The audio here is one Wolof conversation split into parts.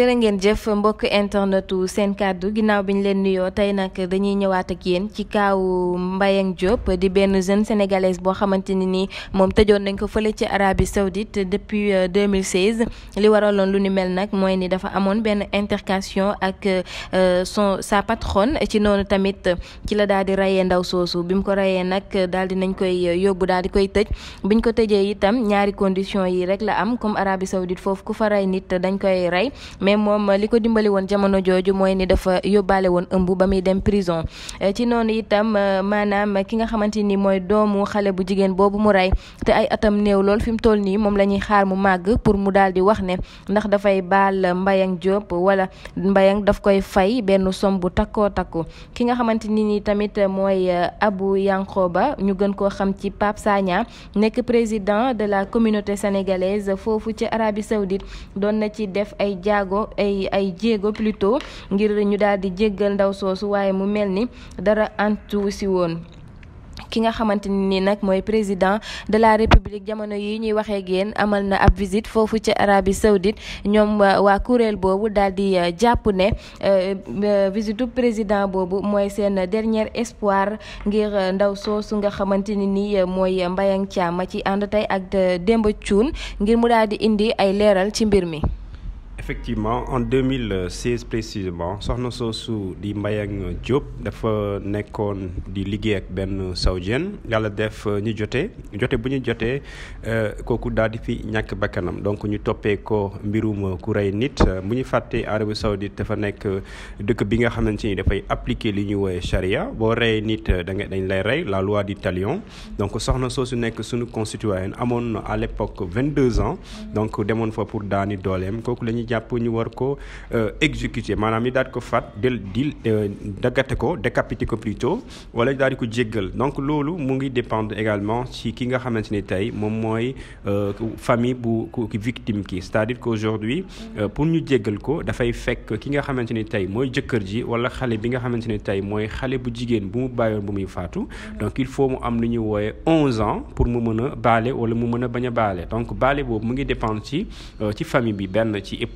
jërë ngeen jëf mbokk internetu seen kàddu ginnaaw bi ñu leen nuyoo tey nag dañuy ñëwaat ak yéen ci kaawu Mbayang Diop di benn jeune sénégalaise boo xamante ni nii moom tëjoon nañ ko fële ci Arabie Saoudite depuis 2016 euh, li waraloon lu ni mel nag mooy ni dafa amoon benn intercation ak euh, son sa patronne ci noonu tamit ci la daal di rayee ndaw soosu bi mu ko reyee nag daal di nañ koy euh, yóbbu daal di koy tëj biñ ko tëjee itam ñaari condition yi rek la am comme Arabie Saoudite foofu ku fa rey nit dañ koy rey mais moom li ko dimbali woon jamono jooju mooy ni dafa yóbbaale woon ëmb ba muy dem prison eh, ci noonu itam eh, maanaam ki nga xamante ni mooy doomu xale bu jigéen boobu mu rey te ay atam néew lool fi mu toll nii moom xaar mu màgg pour mu daal di wax ne ndax dafay baal mbayang job, wala mbayang daf koy fay benn sombu bu takkoo takku ki nga xamante ni tamit mooy eh, abu yankoba ñu gën koo xam ci pap Sagna nekk président de la communauté sénégalaise foofu ci Arabie Saoudite doon na ci def ay jaago sago ay ay jéego plutôt ngir ñu daal di jéggal ndaw soosu waaye mu mel ni dara antu si woon ki nga xamante ni nag mooy président de république jamono yi ñuy waxee génn amal na ab visite foofu ci Arabie Saoudite ñoom waa kuréel boobu daal di euh, jàpp ne euh, euh, visitu président boobu mooy seen dernier espoir ngir ndaw soosu nga xamante ni nii mooy Mbayang Thiam ci ànd tey ak Demba Thioune ngir mu daal di indi ay leeral ci mbir mi. effectivement en 2016 précisément soxna soosu di Mbayang Diop dafa nekkoon di liggéey ak benn yàlla def euh, ñu jote bu ñu jotee euh, di fi donc ñu toppee ko mbirum ku nit bu ñu fàttee Saoudite dafa nekk euh, dëkk bi nga appliquer li charia nit dañ la loi donc soxna soosu nekk sunu concitoyenne amoon à l'époque 22 ans donc demoon fa pour daani dooleem jàpp ñu war ko euh, exécuter maanaam ñu daal ko faat del dil euh, dagate ko décapité ko plutôt wala daal di ko jéggal donc loolu mu ngi dépendre également ci ki nga xamante ni tey moom mooy euh, famille bu qui victime ki c'est-à-dire qu'aujourd'hui pour ñu jéggal ko dafay fekk ki nga xamante ni tey mooy jëkkër ji wala xale bi nga xamante ni tey mooy xale bu jigéen bu mu bàyyoon bu muy faatu donc il faut mu am lu ñu onze ans pour mu mën a baale wala mu mën a bañ donc baale boobu mu ngi dépendre ci ci famille bi benn ci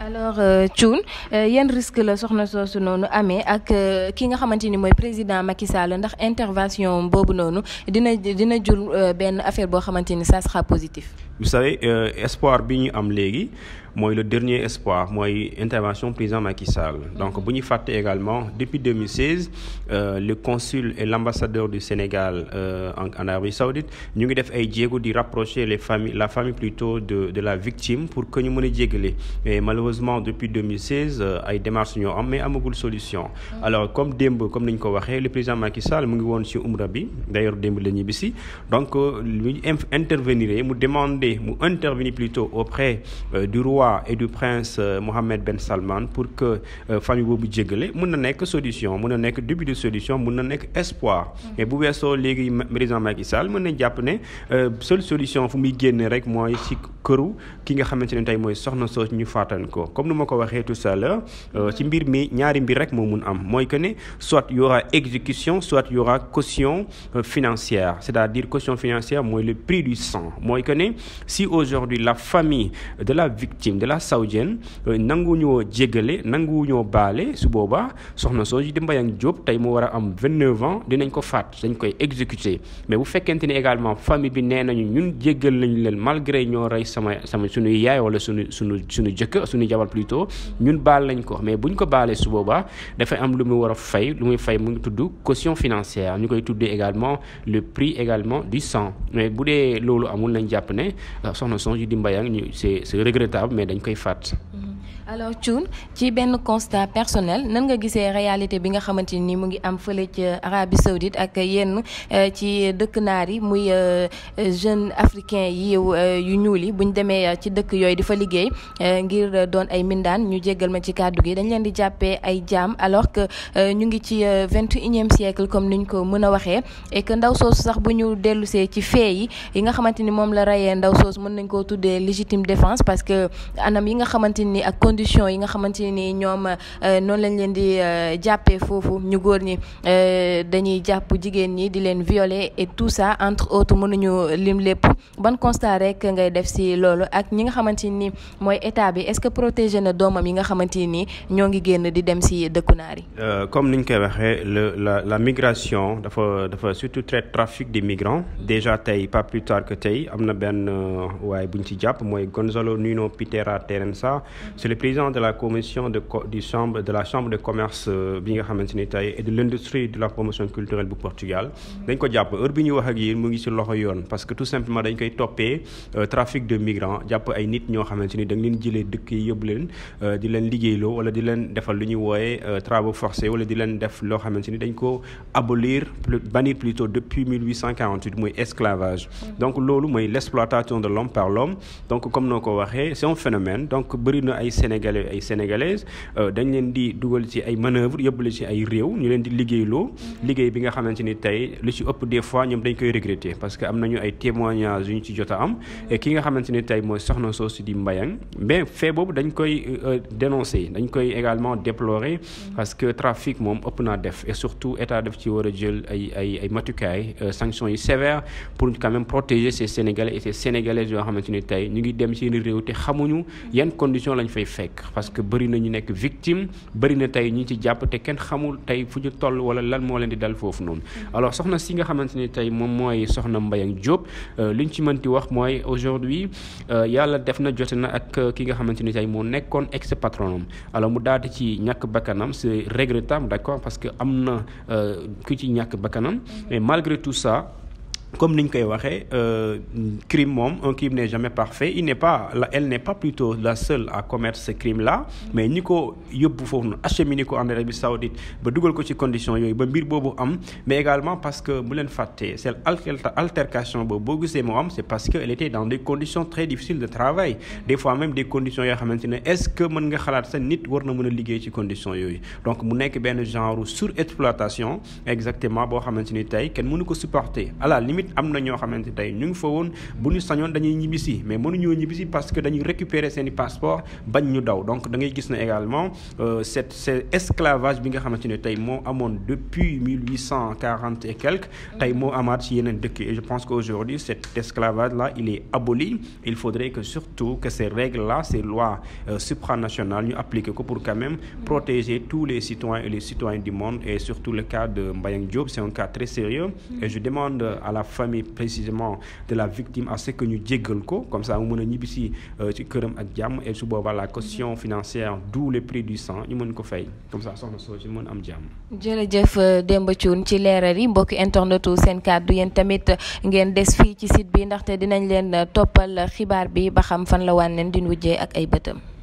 alors euh, Thioune euh, yan risque la soxna soosu nonu amé ak euh, ki nga xamante moy président Macky Sall ndax intervention bobu nonu dina dina jur ben affaire bo xamante ça sera positif. vous savez espoir bi ñu am légui moi, le dernier espoir Moi, intervention président Macky Sall donc mhm. bu également depuis 2016 euh, le consul et l'ambassadeur du Sénégal euh, en Arabie Saoudite nous avons def ay rapprocher la famille plutôt de la victime pour que nous mën a mais malheureusement depuis 2016 euh, ay démarches ñoo am mais amagul solution mhm. alors comme Dembo, comme ni le président Macky Sall mu ngi woon ci d'ailleurs démb la ici, donc lui intervenir mu demander mu intervenir plutôt auprès du roi et du prince euh, Mohammed Ben Salman pour que euh, famille boobu jégale mun na solution mun na nekk début de solution mun na espoir mm. mais bu weesoo léegi président Macky Sall mën nañ jàpp ne euh, seule solution fu muy génne rek ici, si qui ki nga xamante ne moi mooy soxna soo ñu faatan ko comme nous ma waxé tout ça la ci mbir mi ñaari mbir rek moo mun am mooy que ne soit y aura exécution soit y aura caution financière c'est-à-dire caution financière moi, le prix du sang Moi, que ne si aujourd'hui la famille de la victime de la saoudienne euh, nanguñu ñoo jéggale balé ñoo baale su boba soxna soosu di Mbayang job tay mu wara am 29 ans dinañ ko faat dañ koy exécuter mais bu fekkente ni également famille bi nénañu ñun jéggal lañ leen malgré ño ray sama sama suñu yaay wala suñu suñu suñu jëkk suñu jabal plutôt ñun bal lañ ko mais buñ ko balé su da fay am lu mu wara fay lu muy fay mu ngi tudd caution financière ñukoy tuddé également le prix également du sang mais boudé lolu amul nañ japp né euh, soxna soosu di Mbayang ñu c'est c'est regrettable mais dañu koy fàtt alors Thioune ci benn constat personnel nan nga gisee réalité bi nga xamante ni mu ngi am fële ci Arabie Saoudite ak yenn euh, ci dëkk naar yi muy euh, jeunes africains yi euh, yu ñuul yi buñ demee ci dëkk yooyu di fa liggéey ngir doon ay mindaan ñu jéggal ma ci kàddu gi dañ leen di jàppee ay jaam alors que ñu ngi ci vingt et unième siècle comme niñ ko mën a waxee et que ndaw soosu sax bu ñu dellusee ci fee yi yi nga xamante ni moom la rayee ndaw soosu mën nañ koo tuddee légitime défense parce que anam yi nga xamante ni ak conditions yi nga xamanteni ni ñoom euh, noonu lañ leen di euh, jàppee foofu ñu góor ñi euh, dañuy jàpp jigéen ñi di leen violer et tout ça entre autres mënuñu lim lépp ban constat rek ngay def ci loolu ak ñi nga xamante ni mooy état bi est-ce que protéger na doomam yi nga xamante ni ñoo ngi génn di dem ci dëkku naar yi. comme niñ koy waxee la la migration dafa dafa surtout très trafic des migrants déjà tey pas plus tard que tey am na benn waaye buñ ci jàpp mooy Gonzalo Nuno Pitera Terenza c'est le président de la commission de, du chambre, de la Chambre de commerce euh, bi nga xamante et de l'industrie de la promotion culturelle du Portugal mm-hmm. dañ ko jàpp heure wax ak ngi ci loxo parce que tout simplement dañ koy topé euh, trafic de migrants japp ay nit ñoo xamante ni da nga leen jëlee dëkk yi yobul leen euh, di leen liggéeyloo wala di leen defal lu ñuy wooyee travaux forcés wala di leen def lo xamante ni dañ ko abolir bannir plutôt depuis 1848 moy esclavage mm-hmm. donc loolu moy l'exploitation de l'homme par l'homme donc comme noko waxé c'est un phénomène donc bari na ay Sénégalais sénégalais ay sénégalaises euh, dañ leen di dugal ci ay manœuvres yóbbu ci ay réew ñu leen di liggéeyloo mm-hmm. liggéey bi nga xamante ni tey lu ci ëpp des fois ñoom dañ koy regretter parce que am nañu ay témoignages yu ñu ci jot a am mm-hmm. ki nga xamante ni tey mooy soxna soosu di Mbayang mais fait boobu dañ koy euh, dénoncer dañ koy également déplorer mm-hmm. parce que trafic moom ëpp naa def et surtout état def ci war a jël ay ay ay matukaay euh, sanctions yi sévères pour quand même protéger ces sénégalais et ces sénégalaises yoo xamante ni tey ñu ngi dem seen réew te xamuñu yan conditions lañ fay fekk nekk parce que bëri na ñu nekk victime bëri na tey ñi ci jàpp te kenn xamul tey fu ñu toll wala lan moo leen di dal foofu noonu mm-hmm. alors soxna si nga xamante ni tey moom mooy soxna Mbayang Diop euh, ñu ci mënti wax mooy aujourd'hui euh, yàlla def na jote na ak euh, ki nga xamante ni tey moo nekkoon ex patronam alors mu daal di ci ñàkk bakkanam c'est regrettable d'accord parce que am na ku ci ñàkk bakkanam mm-hmm. mais malgré tout ça comme niñ koy euh, crime un crime n'est jamais parfait il n'est pas elle n'est pas plutôt la seule à commettre ce crime là mais nous avons, faut foofu en Arabie Saoudite ba dugal ko ci mais également parce que bu Faté, fait, c'est altercation c'est parce qu'elle était dans des conditions très difficiles de travail des fois même des conditions est-ce que nous nga xalaat sa nit war na ces conditions donc nous avons un genre surexploitation exactement exploitation, exactement, ni tey ko supporter à la limite limite am na ñoo xamante tey ñu ngi fa woon bu ñu sañoon dañuy ñibbisi mais mënuñoo ñibbisi parce que dañuy récupérer seen i passeport bañ ñu daw donc da ngay gis ne également euh, cette cet esclavage bi nga xamante ne tey moo amoon depuis 1840 et quelques tey moo amaat ci yeneen dëkk et je pense qu'aujourd'hui cet esclavage là il est aboli il faudrait que surtout que ces règles là ces lois euh, supranationales ñu appliquer ko pour quand même protéger tous les citoyens et les citoyennes du monde et surtout le cas de Mbayang Diop c'est un cas très sérieux et je demande à la famille précisément de la victime à ce que ñu jéggal ko comme ça mu mën a si euh, ci këram ak et su boobaa la caution financière d'où le prix du sang ñu mën ko fay comme ça soxna soo ci mën am Jeff jërëjëf euh, Demba Thioune ci leeral yi mbokki internetu seen kàddu yéen tamit ngeen des filles ci site bi ndaxte dinañ leen topal xibaar bi ba xam fan la wane di wujé ak ay bëtam.